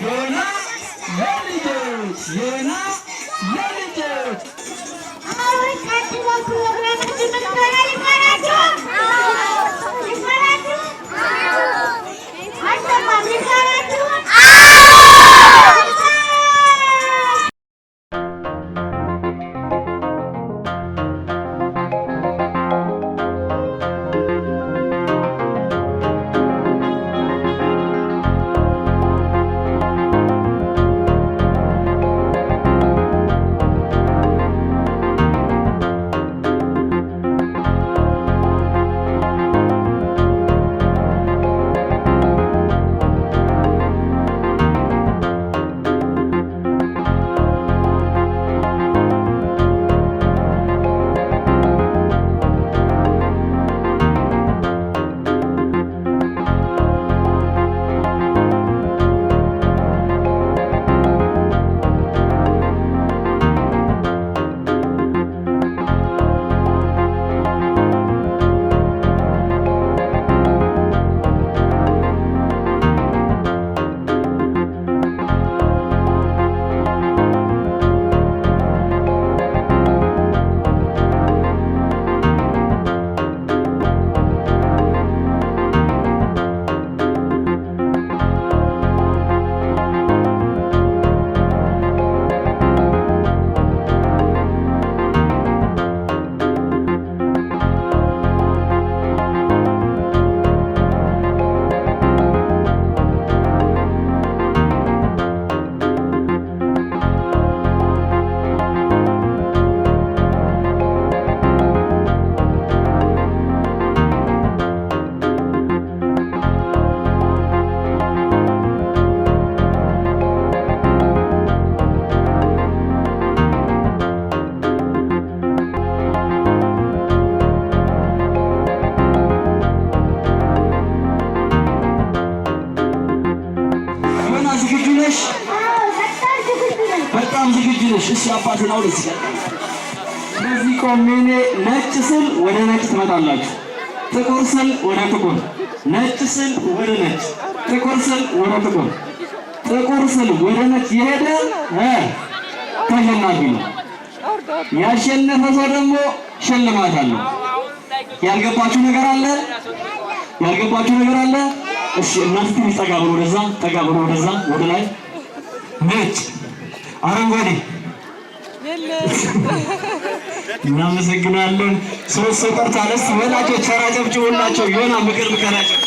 You're not very good. You're not ትንሽ እሺ፣ ነው። አሁን ስለዚህ ቆሜኔ ነጭ ስል ወደ ነጭ ትመጣላችሁ። ጥቁር ስል ወደ ጥቁር፣ ነጭ ስል ወደ ነጭ፣ ጥቁር ስል ወደ ጥቁር፣ ጥቁር ስል ወደ ነጭ የሄደ ተሸናፊ ነው። ያሸነፈ ሰው ደግሞ ሽልማት አለው። ያልገባችሁ ነገር አለ? ያልገባችሁ ነገር አለ? እሺ እናንተ ጠጋ ብሎ ወደዛ፣ ጠጋ ብሎ ወደዛ፣ ወደ ላይ ነጭ፣ አረንጓዴ እናመሰግናለን። ሶስት ሰው ቀርቷል። እስኪ በላቸው ተራ ጨብጭቡላቸው። ዮና ምክር ምከራቸው።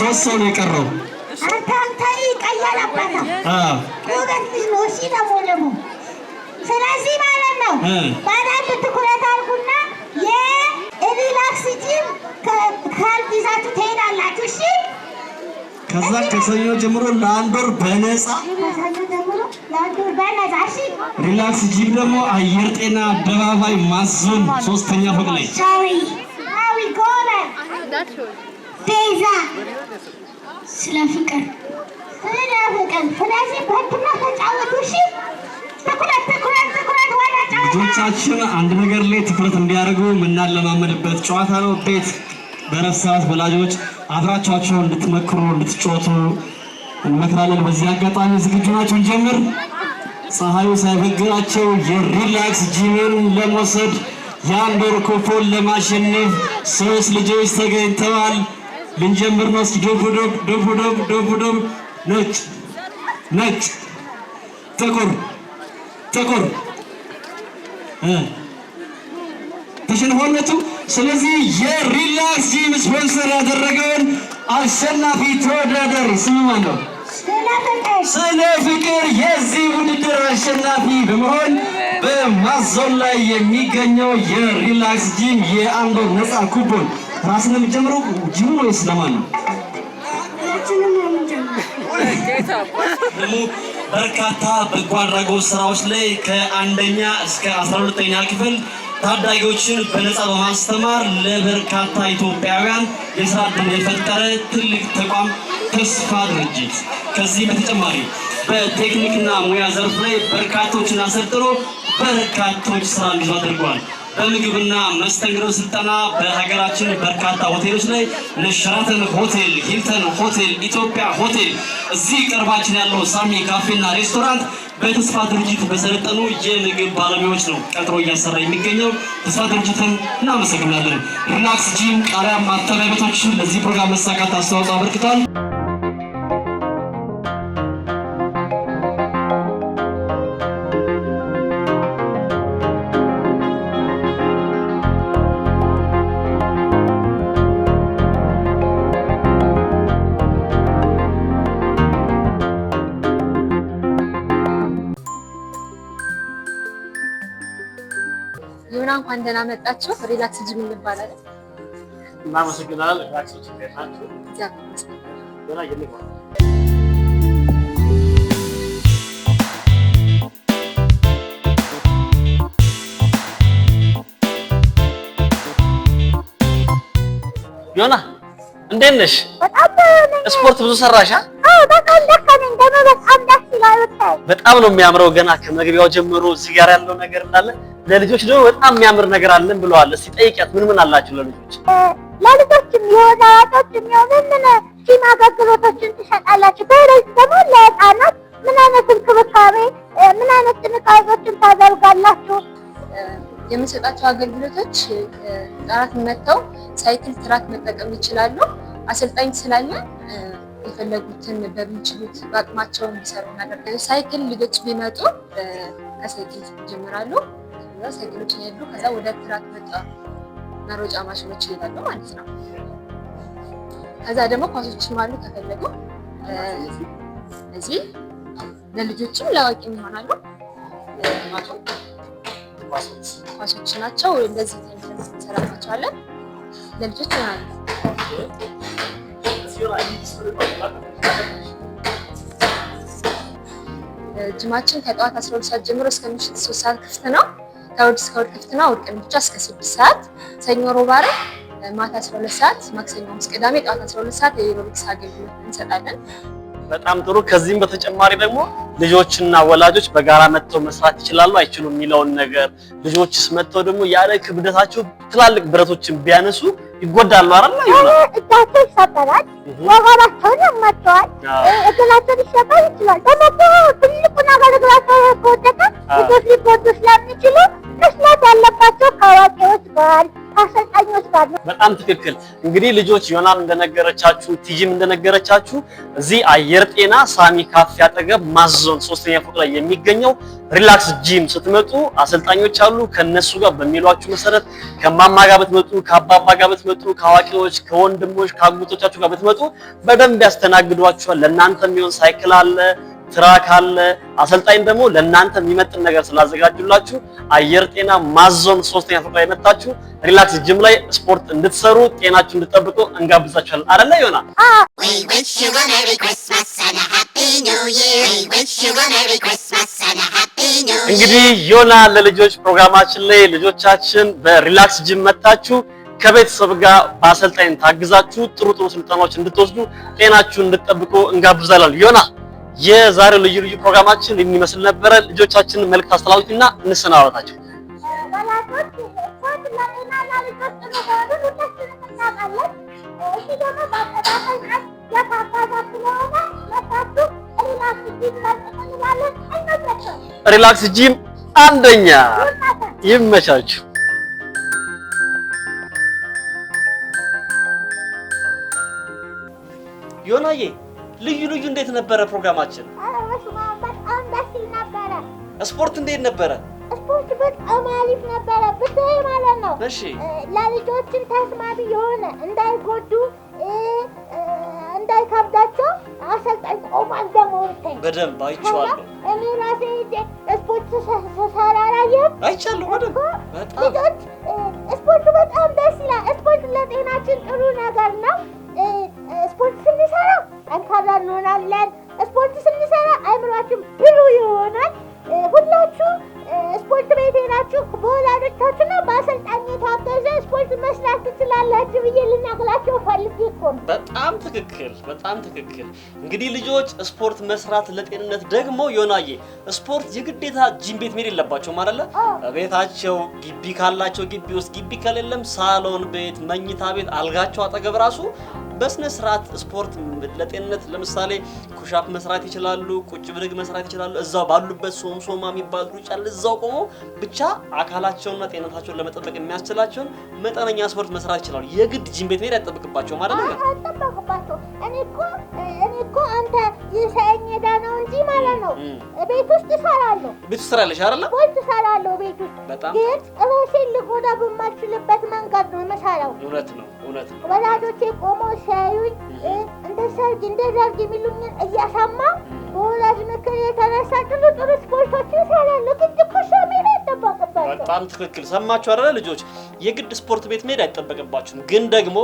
ሶስት ሰው ነው የቀረው። ስለዚህ ማለት ነው በደንብ ትኩረት አድርጉና የሪላክስ ጂም ካልጊዛችሁ ትሄዳላችሁ። እሺ ከዛ ከሰኞ ጀምሮ ለአንድ ወር በነፃ ሪላክስ ጂም ደግሞ አየር ጤና አደባባይ ማዞን ሶስተኛ ፎቅ ላይ ስለ ፍቅር ስለ ፍቅር ስለዚህ በህትና ተጫወቱ። እሺ ትኩረት ትኩረት ትኩረት ወደ ልጆቻችን አንድ ነገር ላይ ትኩረት እንዲያደርጉ የምናለማመድበት ጨዋታ ነው ቤት በእረፍት ሰዓት ወላጆች አብራቻቸው እንድትመክሩ እንድትጮቱ እንመክራለን። በዚህ አጋጣሚ ዝግጁ ጀምር ፀሐዩ ሳይበግራቸው የሪላክስ ጂምን ለመውሰድ የአንዶር ኮፎን ኩፖን ለማሸነፍ ሶስት ልጆች ተገኝተዋል። ልንጀምር ነው። እስኪ ዶብ ዶብ ዶብ ነጭ ነጭ፣ ጥቁር ጥቁር። ተሸንፏል ነጩ ስለዚህ የሪላክስ ጂም ስፖንሰር ያደረገውን አሸናፊ ተወዳዳሪ ስሙ ማን ነው? ስለ ፍቅር የዚህ ውድድር አሸናፊ በመሆን በማዞን ላይ የሚገኘው የሪላክስ ጂም የአንድ ወር ነፃ ኩቦን ራስን የሚጀምረው ጂሙ ወይስ ለማን ነው? ደግሞ በርካታ በጎ አድራጎት ስራዎች ላይ ከአንደኛ እስከ አስራ ሁለተኛ ክፍል ታዳጊዎችን በነፃ በማስተማር ለበርካታ ኢትዮጵያውያን የስራ ዕድል የፈጠረ ትልቅ ተቋም ተስፋ ድርጅት። ከዚህ በተጨማሪ በቴክኒክና ሙያ ዘርፍ ላይ በርካቶችን አሰልጥኖ በርካቶች ስራ እንዲዙ አድርጓል። በምግብና መስተንግዶ ስልጠና በሀገራችን በርካታ ሆቴሎች ላይ ለሸራተን ሆቴል፣ ሂልተን ሆቴል፣ ኢትዮጵያ ሆቴል፣ እዚህ ቅርባችን ያለው ሳሚ ካፌና ሬስቶራንት በተስፋ ድርጅት በሰለጠኑ የምግብ ባለሙያዎች ነው ቀጥሮ እያሰራ የሚገኘው። ተስፋ ድርጅትን እናመሰግናለን። ሪላክስ ጂም፣ ጣሪያ ማተሚያ ቤቶችን ለዚህ ፕሮግራም መሳካት አስተዋጽኦ አበርክቷል። እንኳን ደህና መጣችሁ። ሪላክስ ጅም እንባላለን። እናመሰግናለን። ሪላክስ ጅም ናቸው። ዮና እንዴት ነሽ? ስፖርት ብዙ ሰራሽ? በጣም ነው የሚያምረው። ገና ከመግቢያው ጀምሮ እዚህ ጋር ያለው ነገር እንዳለ ለልጆች ደግሞ በጣም የሚያምር ነገር አለን ብለዋል። እስቲ ጠይቂያት ምን ምን አላችሁ ለልጆች? ለልጆች የሚሆን አያቶች የሚሆን ምን ቲም አገልግሎቶችን ትሰጣላችሁ? በዚህ ደግሞ ለህፃናት ምን አይነት እንክብካቤ ምን አይነት ጥንቃቄዎችን ታደርጋላችሁ? የምንሰጣቸው አገልግሎቶች ህጻናት መጥተው ሳይክል ትራክ መጠቀም ይችላሉ። አሰልጣኝ ስላለ የፈለጉትን በሚችሉት በአቅማቸው እንዲሰሩ እናደርጋለን። ሳይክል ልጆች ቢመጡ ከሳይክል ይጀምራሉ። ከዛ ሳይክሎች ሄዱ። ከዛ ወደ ትራክ መጣ መሮጫ ማሽኖች ይሄዳሉ ማለት ነው። ከዛ ደግሞ ኳሶችም አሉ ከፈለጉ እዚህ ለልጆችም ለአዋቂም ይሆናሉ። ኳሶች ናቸው። እንደዚህ እንሰራባቸዋለን። ለልጆች ይሆናሉ። ጅማችን ከጠዋት 12 ሰዓት ጀምሮ እስከ ምሽት 3 ሰዓት ክፍት ነው። ከእሑድ እስከ እሑድ ክፍት ነው። እሑድ ቀን ብቻ እስከ ስድስት ሰዓት፣ ሰኞ፣ ሮብ፣ ዓርብ ማታ 12 ሰዓት፣ ማክሰኞ፣ ሐሙስ፣ ቅዳሜ ጠዋት 12 ሰዓት የኤሮቢክስ አገልግሎት እንሰጣለን። በጣም ጥሩ። ከዚህም በተጨማሪ ደግሞ ልጆችና ወላጆች በጋራ መጥተው መስራት ይችላሉ አይችሉም የሚለውን ነገር ልጆችስ መጥተው ደግሞ ያለ ክብደታቸው ትላልቅ ብረቶችን ቢያነሱ ይጎዳሉ አይደል? አይሆንም። እጃቸው ይሰበራል፣ ወገባቸውን ያማቸዋል፣ እግራቸው ሊሰበር ይችላል። ደግሞ ትልቁ ነገር እግራቸው ከወደቀ ልጆች ሊጎዱ ስለሚችሉ ነበር ከአሰልጣኞች ጋር ነው። በጣም ትክክል። እንግዲህ ልጆች ዮናም እንደነገረቻችሁ ቲጂም እንደነገረቻችሁ እዚህ አየር ጤና ሳሚ ካፌ አጠገብ ማዞን ሶስተኛ ፎቅ ላይ የሚገኘው ሪላክስ ጂም ስትመጡ አሰልጣኞች አሉ። ከነሱ ጋር በሚሏችሁ መሰረት ከማማ ጋር ብትመጡ፣ ከአባባ ጋር ብትመጡ፣ ከአዋቂዎች፣ ከወንድሞች፣ ከአጎቶቻችሁ ጋር ብትመጡ በደንብ ያስተናግዷችኋል። ለእናንተ የሚሆን ሳይክል አለ ስራ ካለ አሰልጣኝ ደግሞ ለእናንተ የሚመጥን ነገር ስላዘጋጁላችሁ አየር ጤና ማዞን ሶስተኛ ስፍራ የመጣችሁ ሪላክስ ጅም ላይ ስፖርት እንድትሰሩ ጤናችሁ እንድጠብቁ እንጋብዛችኋል። አይደለ ይሆና እንግዲህ ዮና ለልጆች ፕሮግራማችን ላይ ልጆቻችን በሪላክስ ጅም መታችሁ ከቤተሰብ ጋር በአሰልጣኝ ታግዛችሁ ጥሩ ጥሩ ስልጠናዎች እንድትወስዱ ጤናችሁን እንድትጠብቁ እንጋብዛለን ዮና የዛሬው ልዩ ልዩ ፕሮግራማችን የሚመስል ነበረ። ልጆቻችንን መልእክት አስተላልፉና እንሰናበታቸው። ሪላክስ ጂም አንደኛ ይመቻችሁ። ልዩ ልዩ እንዴት ነበረ ፕሮግራማችን? በጣም ደስ ይል ነበረ። ስፖርት እንዴት ነበረ? ስፖርት በጣም አሪፍ ነበረ። ብታይ ማለት ነው። እሺ ለልጆችን ተስማሚ የሆነ እንዳይጎዱ እንዳይከብዳቸው አሰልጣኝ ቆሟል። ደግሞ ወርተኝ በደንብ አይቼዋለሁ። እኔ ራሴ ስፖርት ሰራራ አይቻለሁ። በደንብ በጣም ልጆች በጣም ትክክል፣ በጣም ትክክል። እንግዲህ ልጆች ስፖርት መስራት ለጤንነት ደግሞ ዮናዬ ስፖርት የግዴታ ጂም ቤት መሄድ የለባቸውም አይደለ? ቤታቸው ግቢ ካላቸው ግቢ ውስጥ፣ ግቢ ከሌለም ሳሎን ቤት፣ መኝታ ቤት አልጋቸው አጠገብ ራሱ በስነ ስርዓት ስፖርት ለጤንነት ለምሳሌ ኩሻፕ መስራት ይችላሉ፣ ቁጭ ብድግ መስራት ይችላሉ። እዛው ባሉበት ሶምሶማ የሚባል ሩጫ እዛው ቆሞ ብቻ አካላቸውና ጤንነታቸውን ለመጠበቅ የሚያስችላቸውን መጠነኛ ስፖርት መስራት ይችላሉ። የግድ ጂም ቤት መሄድ አይጠበቅባቸው ማለት ነው። አይጠበቅባቸው። እኔ እኮ እኔ እኮ አንተ ይሰኝ ሄዳ ነው እንጂ ማለት ነው። ቤት ውስጥ እሰራለሁ። ቤት ውስጥ ትሰራለሽ አይደለ? ቤት ውስጥ እሰራለሁ። ቤት ውስጥ በጣም ግን ራሴን ልቆዳ እውነት ነው፣ እውነት ነው። ወላጆቼ ቆመው ሲያዩኝ እንደ ሰርግ እንደ ዘርግ የሚሉኝን እያሰማ በወላጅ ምክር የተነሳ ጥሩ ጥሩ ስፖርቶችን እሰራለሁ። ግን ድኩሻ ሜዳ ይጠበቅባቸው። በጣም ትክክል ሰማችሁ አይደለ ልጆች? የግድ ስፖርት ቤት መሄድ አይጠበቅባችሁም። ግን ደግሞ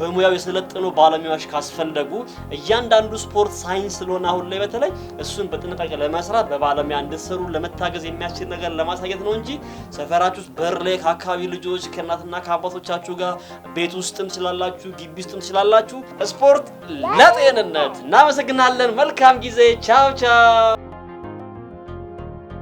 በሙያው የሰለጠኑ ባለሙያዎች ካስፈለጉ እያንዳንዱ ስፖርት ሳይንስ ስለሆነ አሁን ላይ በተለይ እሱን በጥንቃቄ ለመስራት በባለሙያ እንድትሰሩ ለመታገዝ የሚያስችል ነገር ለማሳየት ነው እንጂ ሰፈራችሁ ውስጥ በር ላይ ከአካባቢ ልጆች ከእናትና ከአባቶቻችሁ ጋር ቤት ውስጥም ስላላችሁ ግቢ ውስጥም ስላላችሁ ስፖርት ለጤንነት። እናመሰግናለን። መልካም ጊዜ። ቻው ቻው